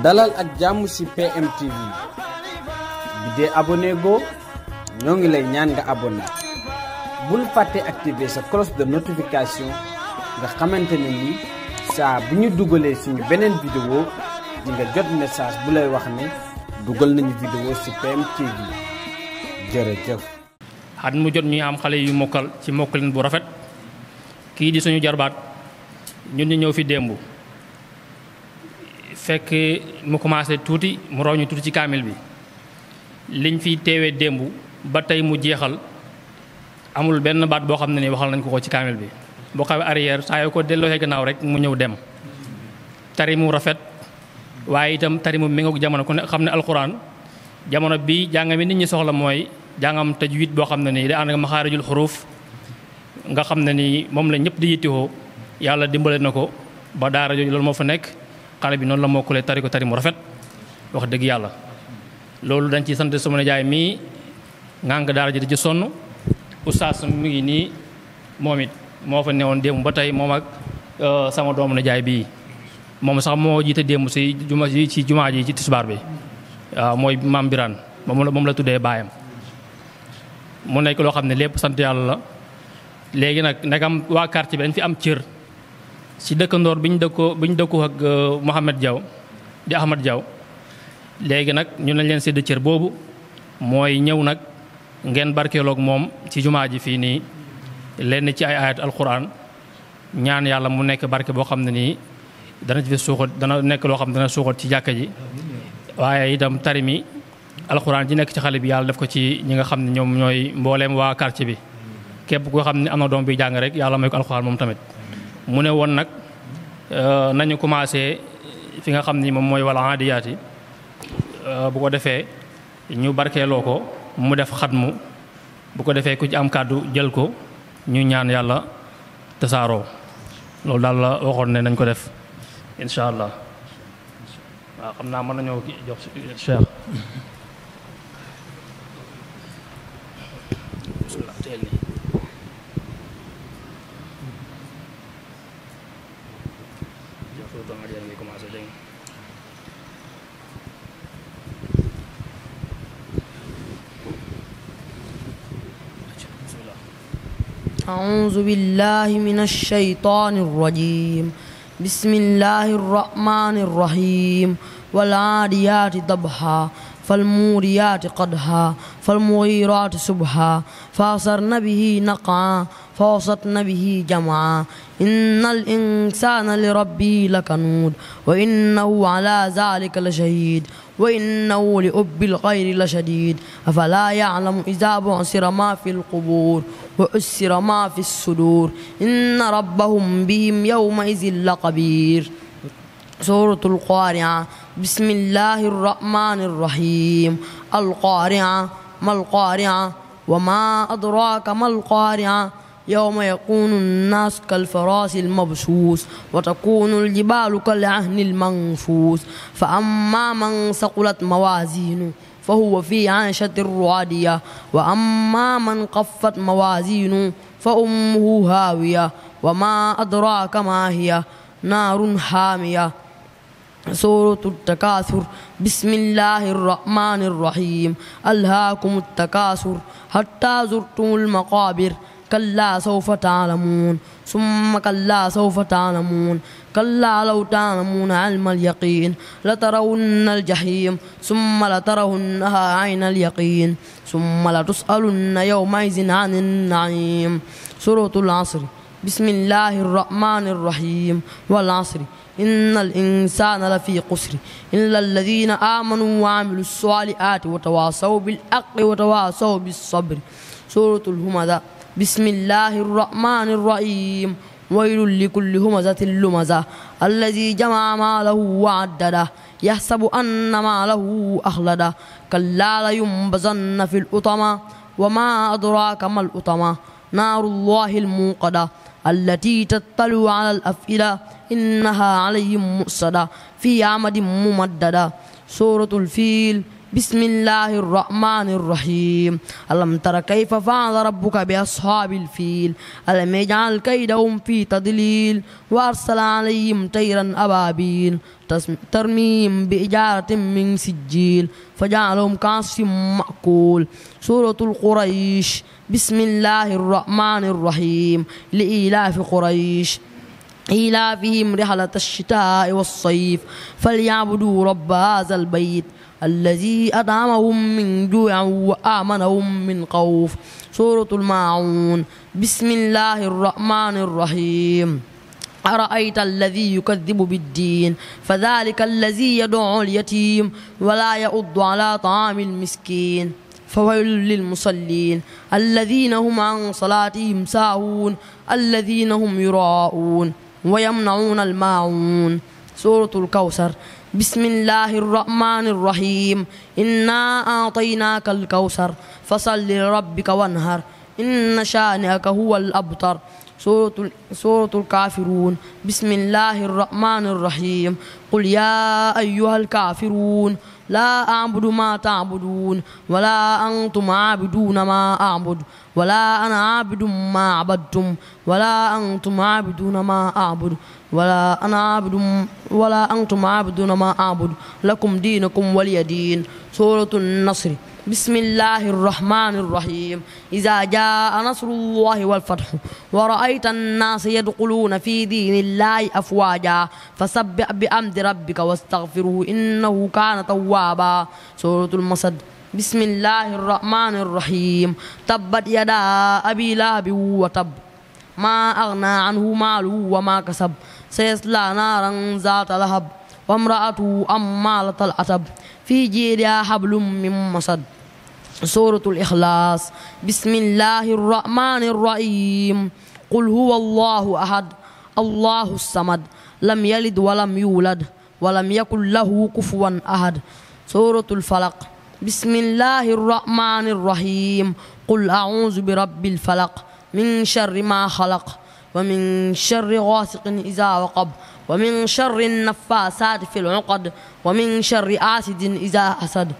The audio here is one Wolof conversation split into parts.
dalal ak si ci PMTV bi dee abonné go ñoo ngi lay ñaan nga abonné bul faté activer sa cloche de notification nga xamante ne ni sa bu ñu video suñu vidéo di nga jot message bu lay wax ne duggal nañu vidéo ci PMTV jërëjëf. at mu jot ñu am xalé yu mokal, ci mokalin bu rafet ki di suñu jarbaat. ñun ñu ñëw fi démb fekk mu commencé tuuti mu roñu tuuti ci kaamil bi liñ fi teewee démb ba tey mu jeexal amul benn baat boo xam ne ni waxal nañ ko ko ci kaamil bi boo xawee arrière saa yoo ko delloo see gannaaw rek mu ñëw dem tari mu rafet waaye itam tari mu méngoog jamono ku ne xam ne alxuraan jamono bi jàng mi nit ñi soxla mooy jàngam tajwid boo xam ne nii day ànd ak maxaarijul xuruuf nga xam ne nii moom la ñëpp di yittewoo yalla dimbalé nako ba daara joju loolu mo fa nek xalé bi non la mokulé tari ko tari mu rafet wax deug yalla loolu dañ ci sante sama nijaay mi ngang daara ji di ci oustaz mi ngi ni momit mo fa newon dem ba tay mom ak euh, sama doomu nijaay bi mom sax mo jité dem ci juma ji ci juma ji ci tisbar bi moy mam biran mom la mom la tuddé bayam mu nek lo xamné lepp sante yalla la quartier bi fi am cieur si dëkkandoor bi ñu dëkkoo bi ñu dëkkoo ak euh, Mouhamed Diaw di Ahmed Diaw léegi nag ñu nañ leen sédd cër boobu mooy ñëw nag ngeen barkeeloog moom ci jumaa ji fii nii lenn ci ay ayat alquran ñaan yàlla mu nekk barke boo xam ne nii dana ci fi suuxat dana nekk loo xam ne dana suuxat ci jàkka ji waaye itam tari mi alxuraan ji nekk ci xale bi yàlla def ko ci ñi nga xam ne ñoom ñooy mbooleem waa quartier bi képp koo xam ne am na doom bi jàng rek yàlla may ko alxuraan moom tamit mu ne woon nag euh, nañu commencé fi nga xam ni moom mooy wala aadiyaat yi euh, bu ko defee ñu barkeeloo ko mu def xat mu bu ko defee ku ci am kàddu jël ko ñu ñaan yàlla tasaaroo loolu daal la waxoon ne nañ ko def incha allah waaw xam naa mën nañoo jox Cheikh أعوذ بالله من الشيطان الرجيم بسم الله الرحمن الرحيم والعاديات ضبحا فالموريات قدها فالمغيرات سبحا فأصرن به نقعا فوسطن به جمعا إن الإنسان لربه لكنود وإنه على ذلك لشهيد وإنه لأب الخير لشديد أفلا يعلم إذا بعثر ما في القبور وأسر ما في الصدور إن ربهم بهم يومئذ لقبير سورة القارعة بسم الله الرحمن الرحيم القارعة ما القارعة وما أدراك ما القارعة يوم يكون الناس كالفراس المبثوث وتكون الجبال كالعهن المنفوس فأما من ثقلت موازينه فهو في عيشة رعادية وأما من قفت موازينه فأمه هاوية وما أدراك ما هي نار حامية سورة التكاثر بسم الله الرحمن الرحيم ألهاكم التكاثر حتى زرتم المقابر كلا سوف تعلمون ثم كلا سوف تعلمون كلا لو تعلمون علم اليقين لترون الجحيم ثم لترونها عين اليقين ثم لتسألن يومئذ عن النعيم سورة العصر بسم الله الرحمن الرحيم والعصر إن الإنسان لفي قسر إلا الذين آمنوا وعملوا الصالحات وتواصوا بالحق وتواصوا بالصبر سورة الهمذا بسم الله الرحمن الرحيم ويل لكل همزة لمزة الذي جمع ماله وعدده يحسب أن ماله أخلده كلا لينبذن في الأطمة وما أدراك ما الأطمة نار الله الموقدة التي تطلع على الأفئدة إنها عليهم مؤصدة في عمد ممددة سورة الفيل بسم الله الرحمن الرحيم ألم تر كيف فعل ربك بأصحاب الفيل ألم يجعل كيدهم في تضليل وأرسل عليهم طيرا أبابيل ترميم بإجارة من سجيل فجعلهم كعصف مأكول سورة القريش بسم الله الرحمن الرحيم لإيلاف قريش إيلافهم رحلة الشتاء والصيف فليعبدوا رب هذا البيت الذي أطعمهم من جوع وآمنهم من خوف سورة الماعون بسم الله الرحمن الرحيم أرأيت الذي يكذب بالدين فذلك الذي يدعو اليتيم ولا يؤض على طعام المسكين فويل للمصلين الذين هم عن صلاتهم ساهون الذين هم يراءون ويمنعون الماعون سورة الكوثر بسم الله الرحمن الرحيم إنا أعطيناك الكوثر فصل لربك وانهر إن شانئك هو الأبتر سورة, سورة الكافرون بسم الله الرحمن الرحيم قل يا أيها الكافرون لا أعبد ما تعبدون ولا أنتم عابدون ما أعبد ولا أنا عابد ما عبدتم ولا أنتم عابدون ما أعبد ولا أنا عابد ولا أنتم عابدون ما أعبد لكم دينكم ولي دين سورة النصر بسم الله الرحمن الرحيم إذا جاء نصر الله والفتح ورأيت الناس يدخلون في دين الله أفواجا فسبح بأمد ربك واستغفره إنه كان توابا سورة المصد بسم الله الرحمن الرحيم تبت يدا أبي لهب وتب ما أغنى عنه ماله وما كسب سيصلى نارا ذات لهب وامرأته أمالة العتب في جيرها حبل من مصد سورة الإخلاص بسم الله الرحمن الرحيم قل هو الله أحد الله الصمد لم يلد ولم يولد ولم يكن له كفوا أحد سورة الفلق بسم الله الرحمن الرحيم قل أعوذ برب الفلق من شر ما خلق ومن شر غاسق إذا وقب ومن شر النفاسات في العقد ومن شر آسد إذا حسد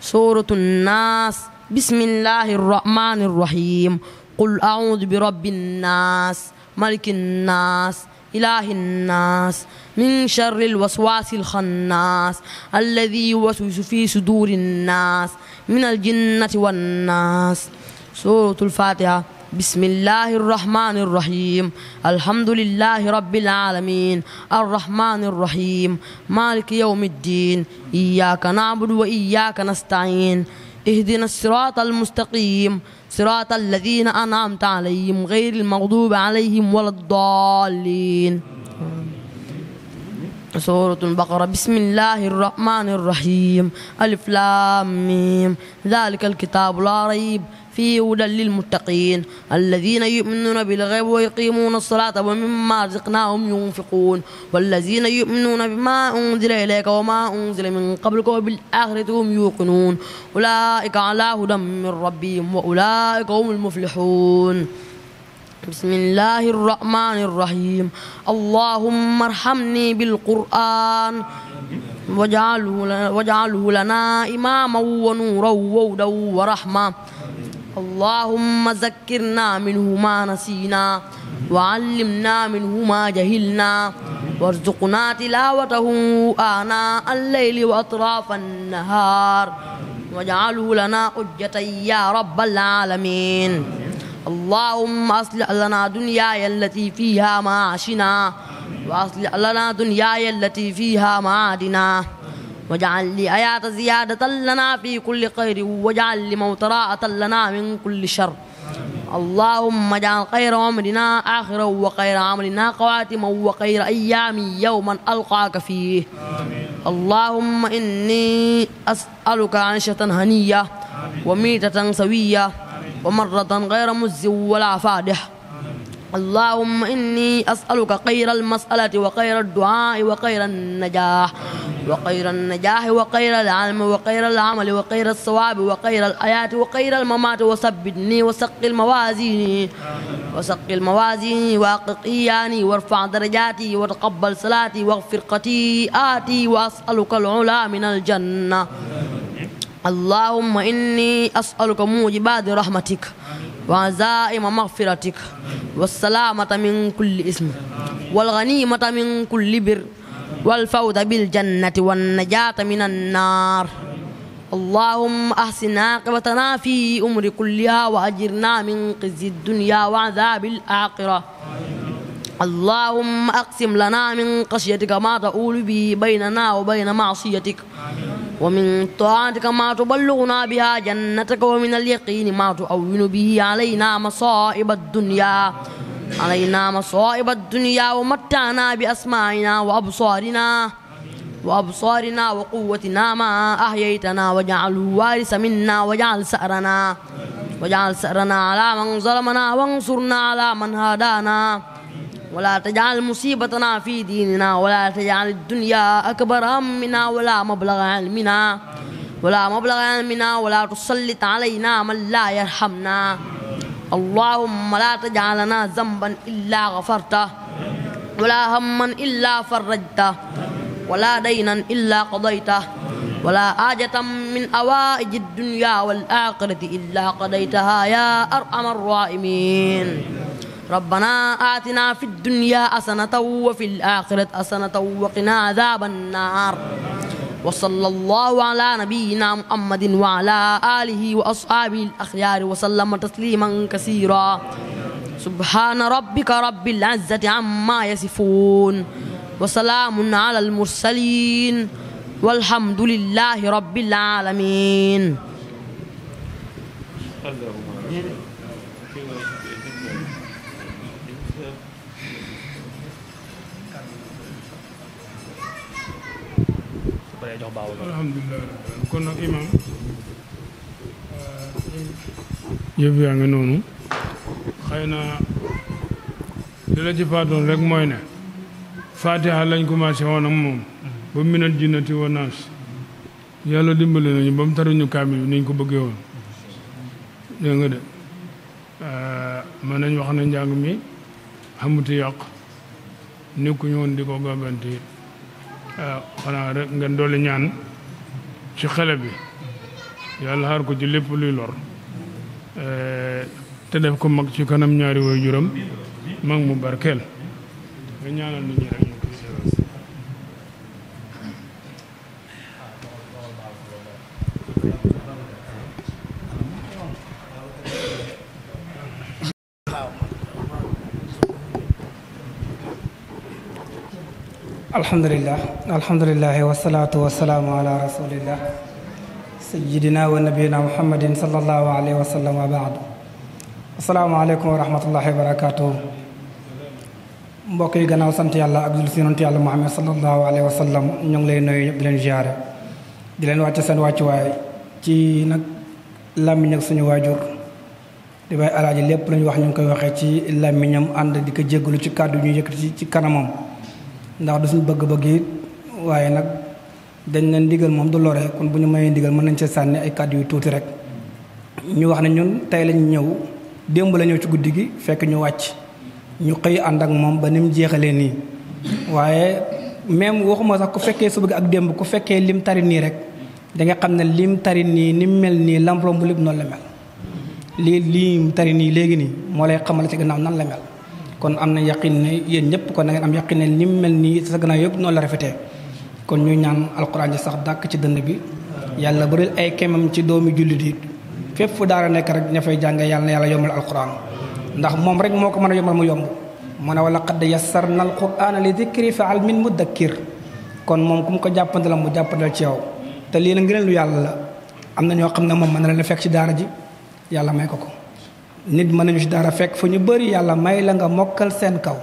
سورة الناس بسم الله الرحمن الرحيم قل أعوذ برب الناس ملك الناس إله الناس من شر الوسواس الخناس الذي يوسوس في صدور الناس من الجنة والناس سورة الفاتحة بسم الله الرحمن الرحيم الحمد لله رب العالمين الرحمن الرحيم مالك يوم الدين إياك نعبد وإياك نستعين اهدنا الصراط المستقيم صراط الذين أنعمت عليهم غير المغضوب عليهم ولا الضالين سورة البقرة بسم الله الرحمن الرحيم ألف لام ميم ذلك الكتاب لا ريب فيه هدى للمتقين الذين يؤمنون بالغيب ويقيمون الصلاة ومما رزقناهم ينفقون والذين يؤمنون بما أنزل إليك وما أنزل من قبلك وبالآخرة هم يوقنون أولئك على هدى من ربهم وأولئك هم المفلحون بسم الله الرحمن الرحيم اللهم ارحمني بالقرآن واجعله لنا إماما ونورا وودا ورحمة اللهم ذكرنا منه ما نسينا وعلمنا منه ما جهلنا وارزقنا تلاوته آناء الليل وأطراف النهار واجعله لنا حجة يا رب العالمين اللهم أصلح لنا دنياي التي فيها معاشنا وأصلح لنا دنياي التي فيها معادنا واجعل لي آيات زيادة لنا في كل خير واجعل لي موت راعة لنا من كل شر اللهم اجعل خير عمرنا آخرا وخير عملنا خواتما وخير أيامي يوما ألقاك فيه اللهم إني أسألك عيشة هنية وميتة سوية ومرة غير مز ولا فادح اللهم إني أسألك خير المسألة وخير الدعاء وخير النجاح وخير النجاح وخير العلم وخير العمل وخير الصواب وخير الحياة وخير الممات وثبتني وسق الموازين وسق الموازين وأقق إياني وارفع درجاتي وتقبل صلاتي واغفر خطيئاتي وأسألك العلا من الجنة اللهم إني أسألك موجبات رحمتك وعزائم مغفرتك والسلامة من كل إثم والغنيمة من كل بر والفوز بالجنة والنجاة من النار اللهم أحسن عاقبتنا في أمر كلها وأجرنا من خزي الدنيا وعذاب الآخرة اللهم أقسم لنا من خشيتك ما تؤول به بيننا وبين معصيتك ومن طاعتك ما تبلغنا بها جنتك ومن اليقين ما تؤول به علينا مصائب الدنيا علينا مصائب الدنيا ومتعنا بأسماعنا وأبصارنا وأبصارنا وقوتنا ما أحييتنا وجعل وارث منا وجعل سأرنا وجعل سأرنا على من ظلمنا وانصرنا على من هادانا ولا تجعل مصيبتنا في ديننا ولا تجعل الدنيا أكبر همنا ولا مبلغ علمنا ولا مبلغ علمنا ولا تسلط علينا من لا يرحمنا اللهم لا تجعلنا ذنبا إلا غفرته ولا هما إلا فرجته ولا دينا إلا قضيته ولا حاجة من أوائج الدنيا والآخرة إلا قضيتها يا أرحم الراحمين ربنا آتنا في الدنيا حسنة وفي الآخرة حسنة وقنا عذاب النار وصلى الله على نبينا محمد وعلى آله وأصحابه الأخيار وسلم تسليما كثيرا سبحان ربك رب العزة عما يصفون وسلام على المرسلين والحمد لله رب العالمين paree alhamdulilah kon nag imam euh, yëpp yaa ngi noonu xëy na li la ci faatoon rek mooy ne fatiha lañ commencé woon ak moom ba minat jinnati wa naas yàlla dimbali nañu ba mu taruñu kaamil bi niñ ko bëggee woon dégg euh, nañ wax na njàng mi xamuti yàq nekkuñu woon di ko gàgganti Eh, xanaa rek ngeen dolli ñaan ci xale bi yàlla xaar ko ci lépp luy lor eh, te def ko mag ci kanam ñaari waajuram mag mu barkeel nga ñaanal nit ñi rek alhamdulilah alhamdulilahi wasalaatu wasalaamu ala rasulillah sayidina wa nabiyina muhammadin salallahu alayhi wa sallam wa baadu asalaamaaleykum wa rahmatullahi wa barakatuhu mbokk yi gannaaw sant yàlla ak jul si yonent yàlla muhammad salallahu alayhi wa sallam ñu ngi lay nuyu ñëpp di leen ziyaare di leen wàcce seen wàccuwaay ci nag làmmiñ suñu waajur di bay alaaji lépp lu ñu wax ñu ngi koy waxee ci làmmiñam ànd di ko jéggalu ci kàddu ñu yëkkati ci kanamam ndax du suñu bëgg-bëgg it waaye nag dañ leen ndigal moom du lore kon bu ñu mayee ndigal mën nañ ci sànni ay kàddu yu tuuti rek ñu wax ne ñun tey lañ ñëw démb la ñëw ci guddi gi fekk ñu wàcc ñu xëy ànd ak moom ba nim jeexalee nii waaye même waxuma sax ku fekkee bëgg ak démb ku fekkee lim tari nii rek da nga xam lim tari nii ni mel nii lamplom bu lépp noonu la mel lii lim tari nii léegi nii moo lay xamal ci gannaaw nan la mel kon am na yaqin ne yéen ñëpp kon da am yaqin ne ni mu mel nii sa gannaaw yëpp noonu la rafete kon ñuy ñaan alquran ji sax dàkk ci dënn bi yàlla bari ay kemam ci doomi jullit yi fépp fu daara nekk rek ña fay jàngee yàlla na yàlla yombal alquran ndax moom rek moo ko mën a yombal mu yomb mu ne wala qad yassarna alquran li dikri fa al min mudakkir kon moom ku mu ko jàppandal mu jàppandal ci yow te lii la ngeen lu yàlla la am na ñoo xam ne moom mën na leen fekk ci daara ji yàlla may ko ko nit mën nañu ci dara fekk fu ñu bëri yàlla may la nga mokkal seen kaw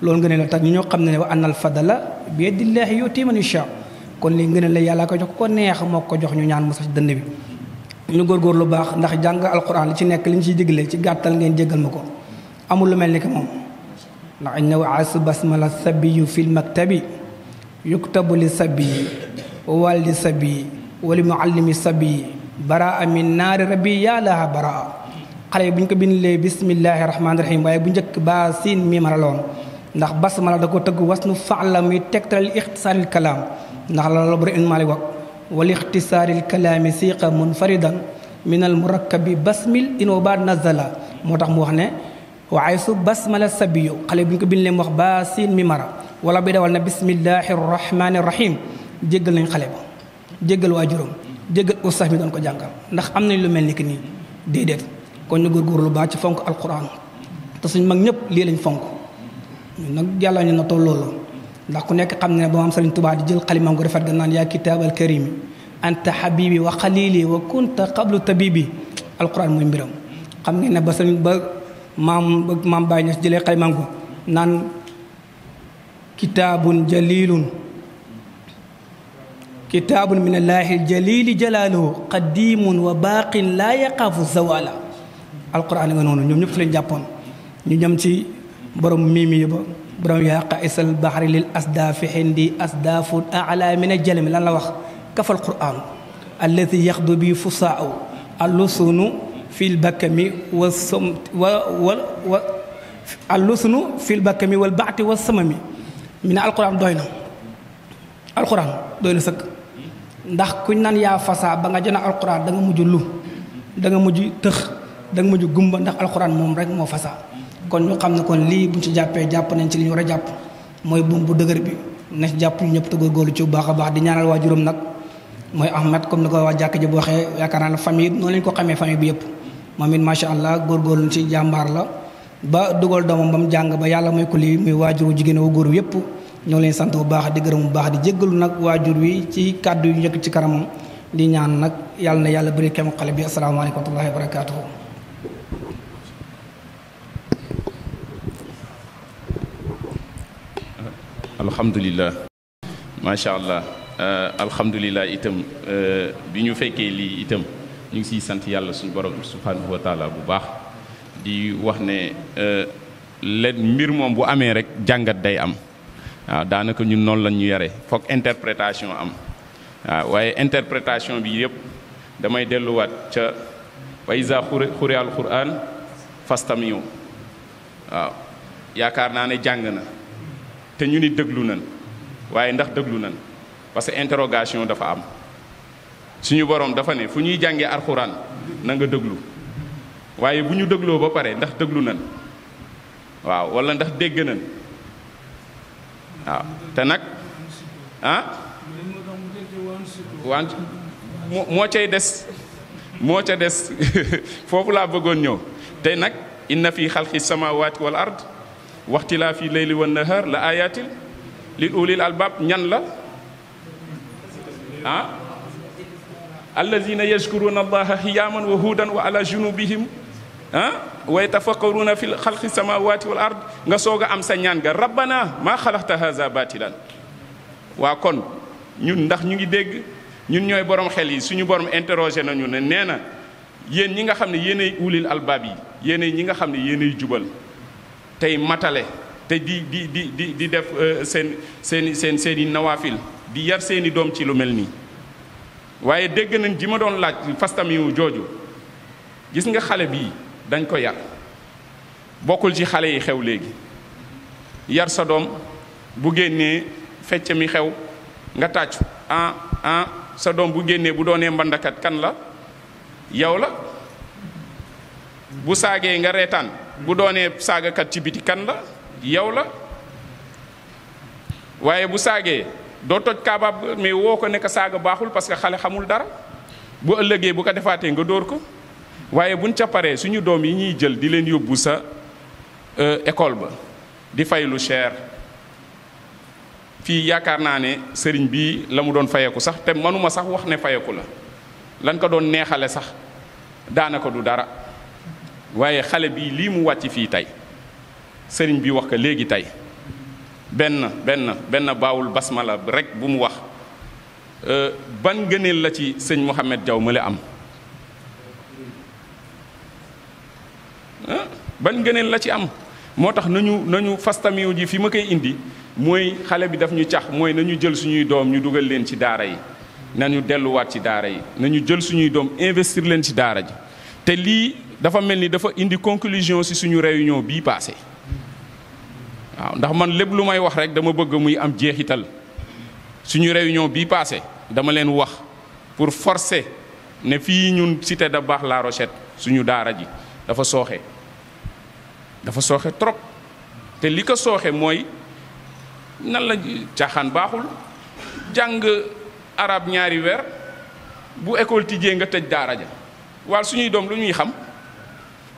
loolu nga ne la tax ñu xam ne wa annal fadala bi yadillahi yuti man yasha kon li ngeen la yàlla ko jox ko neex moo ko jox ñu ñaan musa sax dënd bi ñu lu baax ndax jàng alquran li ci nekk li ñu ciy digle ci gàttal ngeen jéggal ma ko amul lu mel ni que moom ndax inna waasu basmala sabiyu fi lmaktabi yuktabu li sabiyi wa walidi sabiyi wa li muallimi sabiyi baraa min naari rabbi yaa laha baraa xale buñ ko bindé bismillahi rahmaani rahim waye bu njëkk ba sin mi la loon ndax basmala da ko tëgg wasnu faala tektal tegtalal ixtisaaril kalaam ndax loolu bu in mali wak wal ixtisaaril kalam siqa munfaridan min al murakkabi basmil in wa ba'd nazala motax mu wax ne wa aysu basmala sabiyu xale buñ ko bindé mu wax ba sin mi mara wala bi dawal na bismillahi rahmaani rahim jéggal nañ xale ba jéggal waajuram jéggal ustaas mi don ko jàngal ndax am lu melni ni ki nii déedéet kon ñu lu baax ci fonk alquran te suñ mag ñëpp lii lañ fonk ñun nag yàlla na toll ndax ku nekk xam ne ba maam Sëriñ Tuubaa di jël xalimaam gu rafet ga naan yaa kitaabal karimi anta habibi wa xalili wa kunta qablu tabibi alquran muy mbiram xam ngeen ne ba sëriñ ba maam maam Baye Niass jëlee kitaabun jalilun kitaabun min allaahi jalili jalaaluhu wa baaqin laa yaqaafu zawala alquran nga noonu ñoom ñëpp ci lañ jàppoon ñu ñam ci borom miimi ba borom yaa qaisal baxri lil asdaafi xindi asdaafu ala min aljalami lan la wax kafal quran alladi yaxdu bi fusaau allusunu fi lbakkami wa som wa wa wa allusunu fi lbakkami wal baati wa samami mi ne alquran doy na alquran doy na sëkk ndax kuñ naan yaa fasaa ba nga jëna alquran da nga mujj lu da nga mujj tëx da nga mujj gumba ndax alquran mom rek mo fasa kon ñu xamne kon li buñ ci jappé japp nañ ci li ñu wara japp moy bu bu deugër bi na japp ñu ñëpp te gol ci bu baax baax di ñaanal wajurum nak moy ahmad comme ni wa jakk ji bu waxee yaakaar naa la famille lañ ko xamé fami bi yëpp momin ma sha allah góorgóorlu ci jambar la ba dugol doomam bam mu ba yalla moy kuli muy wajuru jigéen wu gor yëpp ñoo leen sant bu baax di gërëm bu baax di jéggalu nak wajur wi ci kaddu yu ñëk ci karam di ñaan nak yalla na yalla bari xale bi alaykum wa rahmatullahi wa barakatuh Alhamdulillah. Masha'Allah. Alhamdulillah alhamdulilah itam bi ñu fekkee lii itam ñu ngi siy sant yàlla suñu borom subhanahu wa taala bu baax di wax ne leen mbir moom jàngat day am waaw daanaka ñun noonu lañ ñu yare foog interprétation am waaw waaye interprétation bi yëpp damay delluwaat ca wa isa xuri al quran fastamiu waaw yaakaar naa ne jàng te ñu ni déglu nañ waaye ndax déglu nañ parce que interrogation dafa am suñu borom dafa ne fu ñuy jànge alxuraan nanga nga déglu waaye bu ñu dégloo ba pare ndax déglu nañ waaw walla ndax dégg nañ waaw te nag ah wan moo cay des moo ca des foofu laa bëggoon ñëw te nag na inna fi sama samawati wal ard واختلاف الليل والنهار لآيات لأولي الألباب نيان لا ها الذين يشكرون الله هياما وهودا وعلى جنوبهم ها ويتفكرون في خلق السماوات والأرض نسوغ أم سنيان ربنا ما خلقت هذا باطلا وكون ñun ndax ñu ngi dégg ñun ñooy borom xel yi suñu borom interroger nañu ne nee na yéen ñi nga xam ne yéenay ulil albab yi yéenay ñi tey matale te di di di di di def seen euh, seen seeni seen i nawaafil di yar seen i doom ci lu mel nii waaye dégg nañ ji ma doon laaj fastamiwu jooju gis nga xale bii dañ ko yar bokkul ci xale yi xew léegi yar sa doom bu génnee fecc mi xew nga tàccu ah ah sa doom bu génnee bu doonee mbandakat kan la yow la bu saagee nga reetaan bu doonee saagakat ci biti kan la yow la waaye bu saagee doo toj kaabaab mais woo ko ne ko saaga baaxul parce que xale xamul dara bu ëllëgee bu ko defaatee nga dóor ko waaye buñ ca paree suñu doom yi ñuy jël di leen yóbbu sa euh, école ba di fay lu cher fii yaakaar naa ne sëriñ bii la mu doon fayeku sax te mënuma sax wax ne fayeku la lan ko doon neexale sax daanaka du dara waaye xale bi lii mu wàcc fii tey sëriñ bi wax ko léegi tey benn benn benn baawul basmala rek bu mu wax euh, ban ngëneel la ci sëñ Mouhamed jaw male am ban ngëneel la ci am moo tax nañu nañu fastamiwu ji fi ma koy indi mooy xale bi daf ñu cax mooy nañu jël suñuy doom ñu dugal leen ci daara yi nañu delluwaat ci daara yi nañu jël suñuy doom investir leen ci daara ji te lii dafa mel ni dafa indi conclusion ci suñu réunion bi passé waaw ndax man lépp lu may wax rek dama bëgg muy am jeexital suñu réunion bi passé dama leen wax pour forcer ne fii ñun cité da baax La Rochette suñu daara ji dafa sooxe dafa sooxe trop te li ko sooxe mooy nan la caaxaan baaxul jàng arab ñaari bu école tijjee nga tëj daara ja waaye suñuy doom lu ñuy xam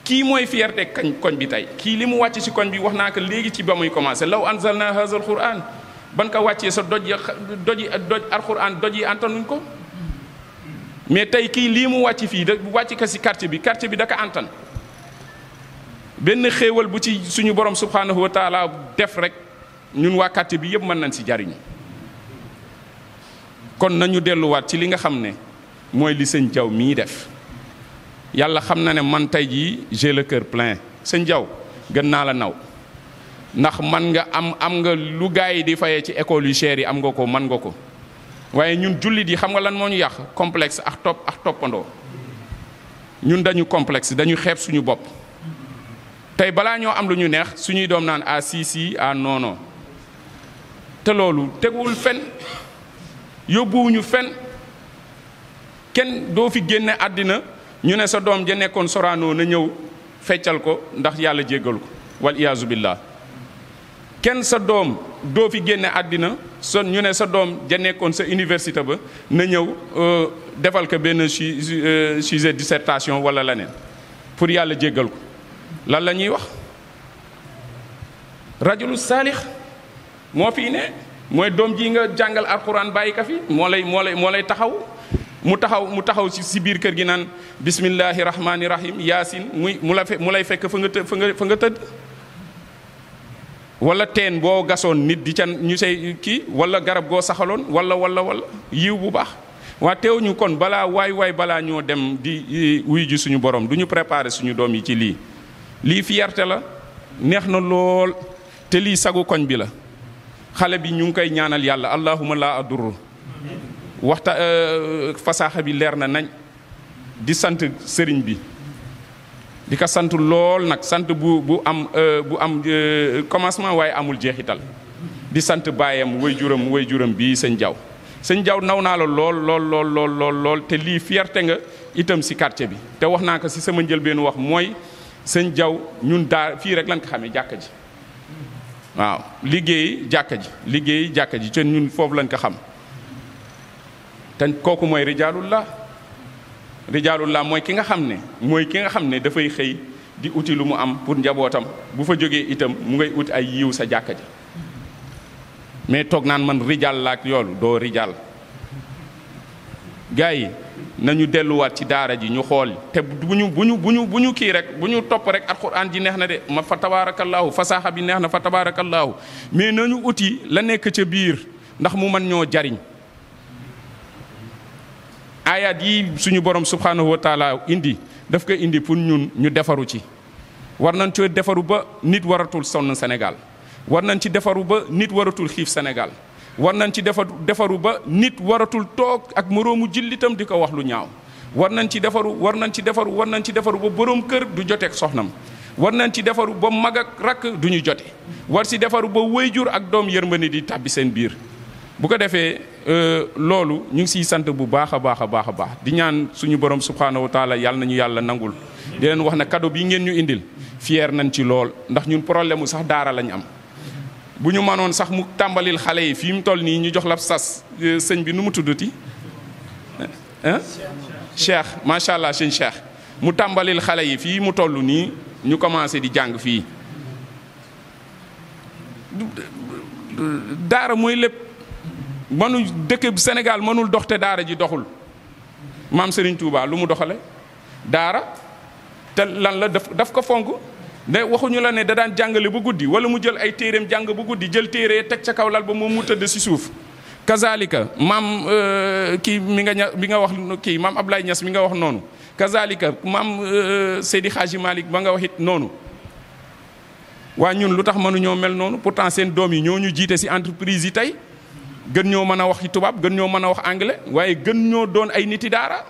kii mooy fierté kañ koñ bi tey kii li mu wàcc ci koñ bi wax naa ko léegi ci ba muy commencé law anzalna hazal quran ban ko wàccee sa doj doji doj al quran doj yi antanuñ ko mais tey kii lii mu wàcc fii da wàcc ko ci quartier bi quartier bi da ko antan benn xéewal bu ci suñu borom subhanahu wa taala def rek ñun waa quartier bi yëpp mën nañ ci jariñu kon nañu delluwaat ci li nga xam ne mooy li sëñ jaw mii def yàlla xam na ne man tey jii j'ai le cœur plein sëñ Diaw gën naa la naw ndax man nga am am nga lu gars yi di fayee ci école yu chères yi am nga ko man nga ko waaye ñun jullit yi xam nga lan moo ñu yàq complexe ak topp ak toppandoo ñun dañu complexe dañu xeeb suñu bopp tey balaa ñoo am lu ñu neex suñuy doom naan ah si si ah non te loolu teguwul fen yóbbuwuñu fen kenn doo fi génne àddina ñu ne sa doom ja nekkoon soraanoo na ñëw feccal ko ndax yàlla jéggal ko wal iyaazu billah kenn sa doom doo fi génne àddina son ñu ne sa doom ja nekkoon sa université ba na ñëw euh, defal ko benn euh, sujet dissertation wala leneen pour yàlla jéggal ko lan la ñuy wax rajulu saalix moo fii ne mooy doom ji nga jàngal alxuraan bàyyi ka fi moo lay moo lay moo lay taxaw mu taxaw mu taxaw si si biir kër gi naan bismillahi rahmaani rahim yaasin muy mu la mu lay fekk fa nga të fa nga fa nga tëdd wala teen boo gasoon nit di ca ñu sey kii wala garab goo saxaloon wala wala wala yiw bu baax waa teewuñu kon balaa waay waay balaa ñoo dem di wuy ji suñu borom du ñu préparer suñu doom yi ci lii lii fierté la neex na lool te lii sagu koñ bi la xale bi ñu ngi koy ñaanal yàlla allahuma laa adurru waxta euh, fasaaxa bi leer na nañ di sant sëriñ bi di ko sant lool nag sant bu bu am euh, bu am euh, commencement waaye amul jeexital di sant baayam way juram way juram bii sëñ Diaw sëñ Diaw naw naa la lool lool lool lool te lii fierté nga itam si quartier bi te wax naa ko si sama njëlbeenu wax mooy sëñ Diaw ñun daa fii rek lan ko xamee jàkka ji waaw liggéey jàkka ji liggéey jàkka ji te ñun foofu lañ ko xam te kooku mooy rijaalullah rijaalullah mooy ki nga xam ne mooy ki nga xam ne dafay xëy di uti lu mu am pour njabootam bu fa jógee itam mu ngay uti ay yiw sa jàkka ji mais toog naan man rijaal laak yoolu doo rijaal gars yi nañu delluwaat ci daara ji ñu xool te bu ñu bu ñu bu ñu bu ñu kii rek bu ñu topp rek alxuraan ji neex na de ma fa tabaarakallaahu fasaaxa bi neex na fa tabaarakallaahu mais ñu uti la nekk ca biir ndax mu mën ñoo jariñ aayaat yii suñu borom subhanahu wa taala indi daf ko indi pour ñun ñu defaru ci war nañ ci defaru ba nit waratul sonn Sénégal war nañ ci defaru ba nit waratul xiif Sénégal war nañ ci defaru defaru ba nit waratul toog ak moroomu jillitam di ko wax lu ñaaw war nañ ci defaru war nañ ci defaru war nañ ci defaru ba borom kër du joteeg soxnam war nañ ci defaru ba mag ak rakk du ñu jote war si defaru ba jur ak doom yërmande di tàbbi seen biir bu ko defee euh, loolu ñu ngi siy sant bu baax a baax a baax a baax di ñaan suñu borom subhanahu wa taala yàlla nañu yàlla nangul di leen wax ne cadeau bi ngeen ñu indil fier nañ ci lool ndax ñun problème sax daara lañ am bu ñu mënoon sax mu tàmbalil xale yi fii mu toll nii ñu jox la sas euh, sëñ bi nu mu ti hein cheikh macha allah sëñ cheikh mu tàmbalil xale yi fii mu toll nii ñu commencé di jàng fii daara mooy lépp manu dëkk Sénégal mënul dox te daara ji doxul maam Serigne Touba lu mu doxale daara te lan la daf daf ko fonk ne waxuñu la ne da daan jàngale bu guddi wala mu jël ay téereem jàng bu guddi jël téere teg ca kaw lal ba moom mu tëdd si suuf. kazalika maam euh, kii mi nga ña mi nga wax kii maam Ablaye Niass mi nga wax noonu kazalika maam euh, Seydi Hadji Malick ba nga wax noonu. waa ñun lu tax mënuñoo mel noonu pourtant seen doom yi ñoo ñu jiite si entreprise yi tey. gën ñoo mën a wax ci tubaab gën ñoo mën a wax anglais waaye gën ñoo doon ay niti daara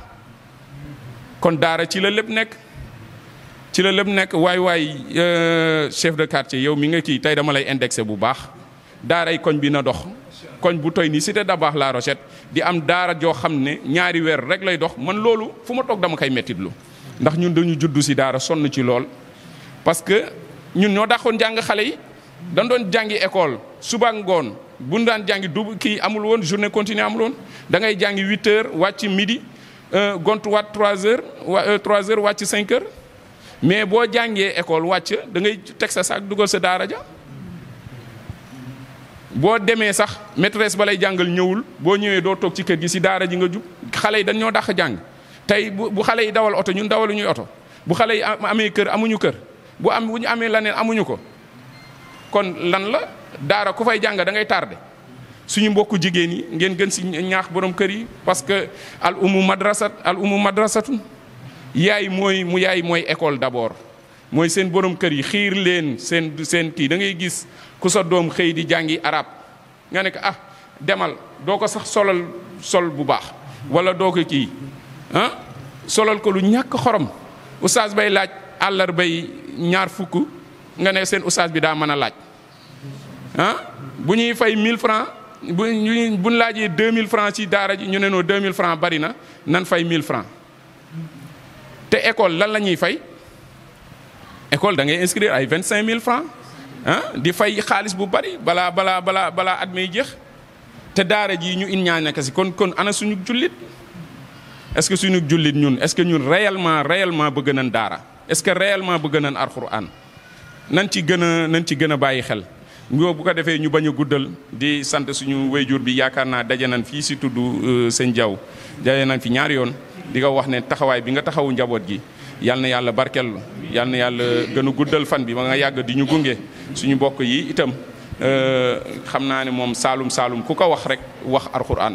kon daara ci la lépp nekk ci la lépp nekk waay waay euh, chef de quartier yow mi nga kii tey dama lay indexé bu baax daaray koñ bi na dox koñ bu toy nii cité Dabakh La Rochette di am daara joo xam ne ñaari weer rek lay dox man loolu fu ma toog dama koy mettitlu ndax ñun dañu juddu si daara sonn ci lool parce que ñun ñoo dàqoon jàng xale yi dan doon jàngi école suba ngoon bu ñu daan jàngi double amul won journée continue amul won da ngay jangi 8 h wàcc midi euh wat 3 h wa 3 euh, h wàcc 5 h mais bo jangé école wàcc da ngay teg sa saak dugal sa daara ja boo demee sax maîtresse balay jangal ñewul bo ñewé do tok ci kër gi ci dara ji nga jup xalé yi dañ ñoo dakh jang tay bu xalé yi dawal auto ñun dawalu ñuy auto bu xalé yi amé kër amuñu kër bu am bu ñu amee laneen amuñu ko kon lan la. daara ku fay jàng da ngay tardé suñu mbokku jigéen yi ngeen gën si ñaax borom kër yi parce que al umu madrasat al umu madrasatun yaay mooy mu yaay mooy école d'abord mooy seen borom kër yi xiir leen seen seen kii da ngay gis ku sa doom xëy di jàngi arab nga ne ko ah demal doo ko sax solal sol bu baax wala doo ko kii ah solal ko lu ñàkk xorom oustaz bay laaj àllar bay ñaar fukk nga ne seen oustaz bi daa mën a laaj ah bu ñuy fay mille francs bu ñu bu ñu laajee mille francs ci daara ji ñu ne noo 2000 francs bari na nan fay mille francs te école lan la ñuy fay école da ngay inscrire ay 25000 francs ah di fay xaalis bu bari balaa balaa balaa balaa at may jeex te daara jii ñu in ñaan si kon kon ana suñu jullit est-ce suñu jullit ñun est-ce que ñun réellement réellement bëgg nañ daara est-ce que réellement bëgg nañ alxuraan nan ci gën a nan ci gën a bàyyi xel. bu ko defee ñu bañ a guddal di sant suñu wayjur bi yaakaar naa daje nañ fii si tudd euh, sëñ jaw daje nan fi ñaari yoon di nga wax ne taxawaay bi nga taxawu njaboot gi yal na yàlla barkel yal na yàlla gën guddal fan bi ba nga yàgg di ñu gunge suñu bokk yi itam euh, xam naa ne moom saalum saalum ku ko wax rek wax alquran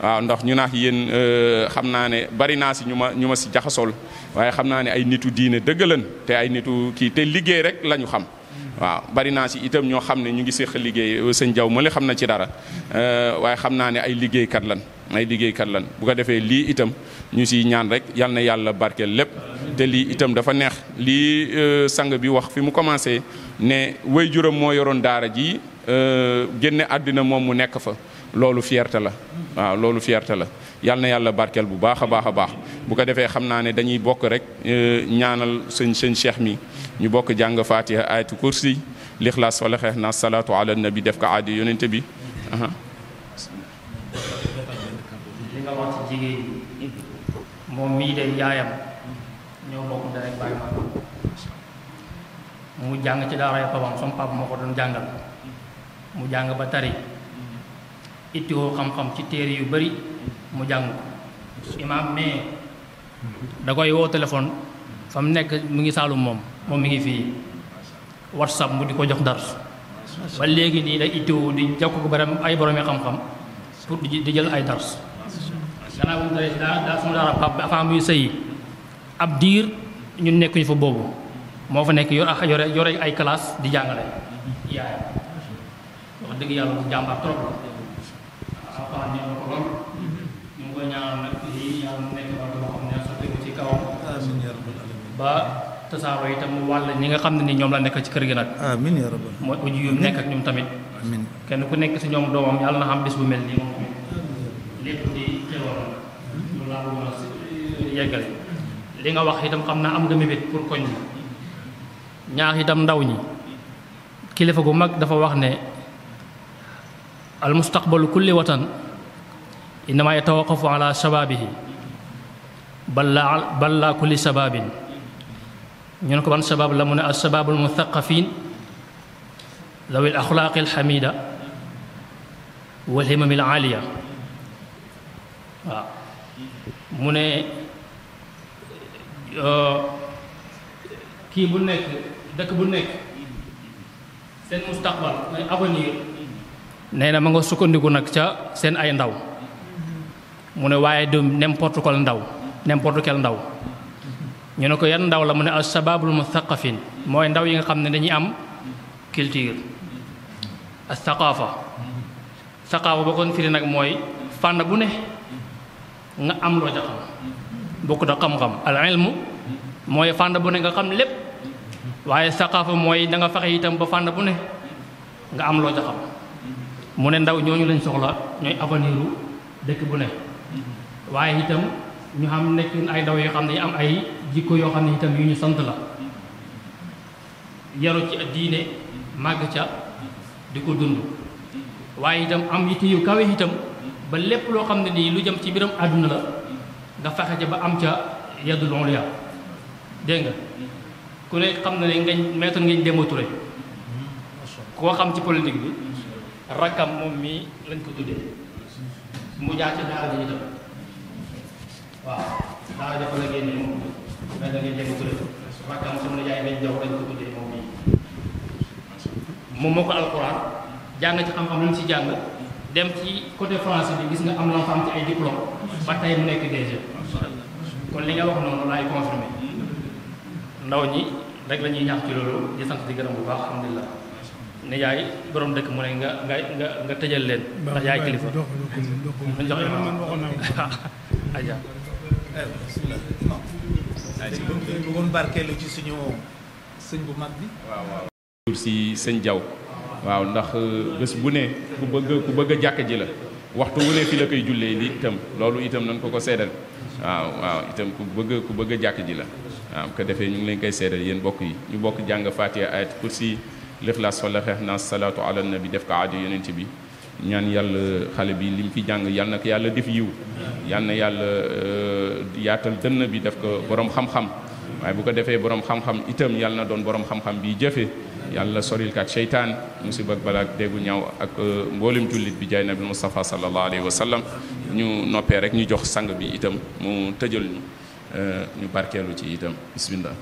waaw ndax ñu naax yéen euh, xam naa ne bari naa si ñu ma ñu ma si jaxasool waaye xam naa ne ay nitu diine dëggalan te ay nitu kii te liggéey rek lañu xam waaw bari naa si itam ñoo xam ne ñu ngi séq liggéey euh, sëñ Jaw ma xam na ci dara euh, waaye xam naa ne ay liggéeykat lan ay liggéeykat lan bu ko defee lii itam ñu si ñaan rek yal na yàlla barkeel lépp te lii itam dafa neex lii euh, sang bi wax fi mu commencé ne way juróom moo yoroon daara ji génne àddina moom mu nekk fa loolu fierté la waaw loolu fierté la yàlla na yàlla barkel bu baakha baakha baax bu ko defee xam naa ne dañuy bokk rek ñaanal sëñ sëñ cheikh mi ñu bokk jàng fatiha ayatu kursi l'ikhlas wala xeex na salatu ala nabi def ko aadi yonente bi li nga wax ci jigéen moom mii de yaayam ñoo bokk bàyyi ma mu jàng ci papam papa moo ko doon jàngal mu jàng ba tari ittoo xam-xam ci téere yu bari mu jàng imam mais da koy woo téléphone fa mu nekk mu ngi saalum moom moom ngi fii whatsapp mu di ko jox dars ba léegi nii da ittewu di jokk ko baram ay boromi xam-xam pour di jël ay dars danaa bu dare daa daa suma dara pap avant muy sëyi ab diir ñun nekkuñu fa boobu moo fa nekk yor yore yore ay classe di jàngale yaay wax dëgg yàlla jàmbaar trop la ba tasaaroo itam wàll ñi nga xam ne ni ñoom la nekk ci kër gi nag. mooy uju yu nekk ak ñoom tamit. kenn ku nekk si ñoom doomam yàlla na xam bis bu mel nii moom lépp di xéwaloon loolu laa a yeggale li nga wax itam xam naa am nga mébét pour koñ bi ñaax itam ndaw ñi kilifa gu mag dafa wax ne al kulli watan innama yatawaqafu ala shababihi bal la bal la kulli shababin ñu ne ko ban sabab la mu ne asababul muthaqafin ذوي الأخلاق الحميدة والهمم العالية mu ne kii bu nekk dëkk bu nekk seen mustaqbal mooy avenir nee na ma nga sukkandiku nag ca seen ay ndaw mu ne waaye du n'importe quel ndaw n'importe quel ndaw ñu ne ko yan ndaw la mu ne as sababul muthaqafin mooy ndaw yi nga xam ne dañuy am culture as thaqafa thaqafa boo kon firi nag mooy fànn bu ne nga am loo ca xam bokkut ak xam-xam al mooy fànn bu ne nga xam lépp waaye saqafa mooy danga nga fexe itam ba fànn bu ne nga am loo xam mu ne ndaw ñooñu lañ soxla ñooy avenir dëkk bu ne waaye itam ñu xam nekk ay ndaw yoo xam ne am ay jikko yoo xam ne itam yu ñu sant la yaru ci diine màgg ca di ko dund waaye itam am yitte yu kawe itam ba lépp loo xam ne nii lu jëm ci mbiram àdduna la nga fexe ca ba am ca yaddu loolu ya dégg nga ku ne xam na ne ngañ maître ngañ Demba koo xam ci politique bi rakkam moom mii lañ ko tuddee mu ci daara ji itam waaw daara dafa la moom a gërëm waaye am sama nijaay dañ jaw dañ ko tuddee moom mii moom moo ko alxuraan jàng ci xam-xam lu mu ci jàng dem ci côté français bi gis nga am la fa am ci ay diplôme ba tey mu nekk DG kon li nga wax noonu laay confirmé ndaw ñi rek la ñuy ñaax ci loolu di sant di gërëm bu baax alhamdulilah ne yaay borom dëkk mu ne nga nga nga nga tëjal leen ndax yaay kilifa jox dañ bëggoon barkeelu ci suñu sëñ bu mag bi waaw waaw si sëñ jaw waaw ndax euh, bés bu ne ku bëgg item bëgg jàkk ji la waxtu wu ne fi la koy jullee li itam loolu itam nañ ko ko seedal waaw waaw itam kursi lixlaas fa la xeex naa salaatu ala nabi def ko aaju ñaan yàlla xale bi li mu jàng yàlla na ko yàlla def yiw yàlla na yàlla euh, yaatal dënn bi def ko boroom xam-xam waaye bu ko defee borom xam-xam itam yàlla na doon borom xam-xam bi jëfe yàlla soril ka ak seytaan musiba ak balaak déggu ñaw ak euh, mboolem jullit bi jaay nabi Mustafa sallallahu alayhi wa sallam ñu noppee rek ñu jox sang bi itam mu tëjal ñu euh, ñu barkeelu ci itam bismillah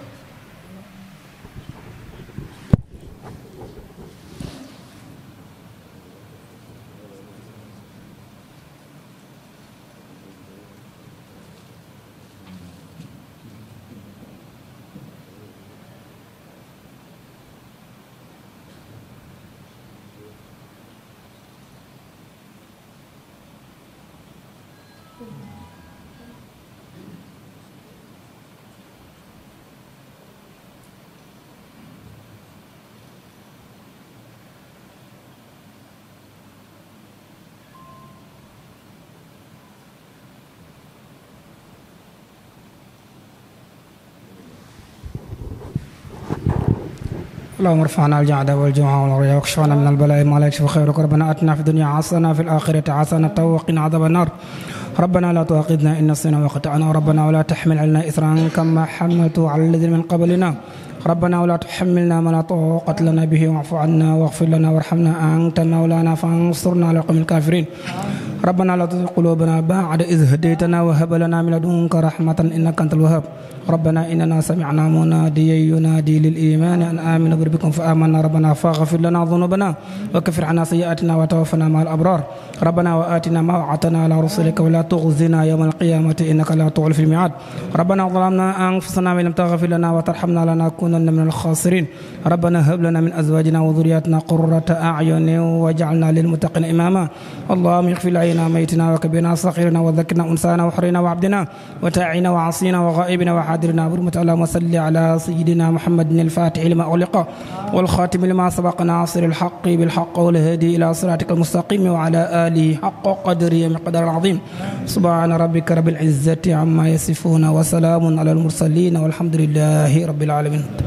اللهم ارفعنا الجعد والجوع والعري واكشفنا من البلاء ما لا يكشف خيرك ربنا اتنا في الدنيا حسنه في الاخره حسنه وقنا عذاب النار ربنا لا تؤاخذنا ان نسينا وقطعنا ربنا ولا تحمل علينا اثرا كما حملته على الذين من قبلنا ربنا ولا تحملنا ما لا طاقة لنا به واعف عنا واغفر لنا وارحمنا أنت مولانا فانصرنا على القوم الكافرين ربنا لا تزغ قلوبنا بعد إذ هديتنا وهب لنا من لدنك رحمة إنك أنت الوهاب ربنا إننا سمعنا مناديا ينادي للإيمان أن آمنوا بربكم فآمنا ربنا فاغفر لنا ذنوبنا وكفر عنا سيئاتنا وتوفنا مع الأبرار ربنا وآتنا ما وعدتنا على رسلك ولا تخزنا يوم القيامة إنك لا تخلف الميعاد ربنا ظلمنا أنفسنا وإن لم تغفر لنا وترحمنا لنكون نكونن من الخاسرين ربنا هب لنا من أزواجنا وذرياتنا قرة أعين واجعلنا للمتقين إماما اللهم اغفر لنا ميتنا وكبرنا صغيرنا وذكرنا أنسانا وحرنا وعبدنا وتعينا وعصينا وغائبنا وحاضرنا برمة اللهم صل على سيدنا محمد الفاتح لما أغلق والخاتم لما سبق ناصر الحق بالحق والهدي إلى صراطك المستقيم وعلى آله حق قدره مقدار العظيم سبحان ربك رب العزة عما يصفون وسلام على المرسلين والحمد لله رب العالمين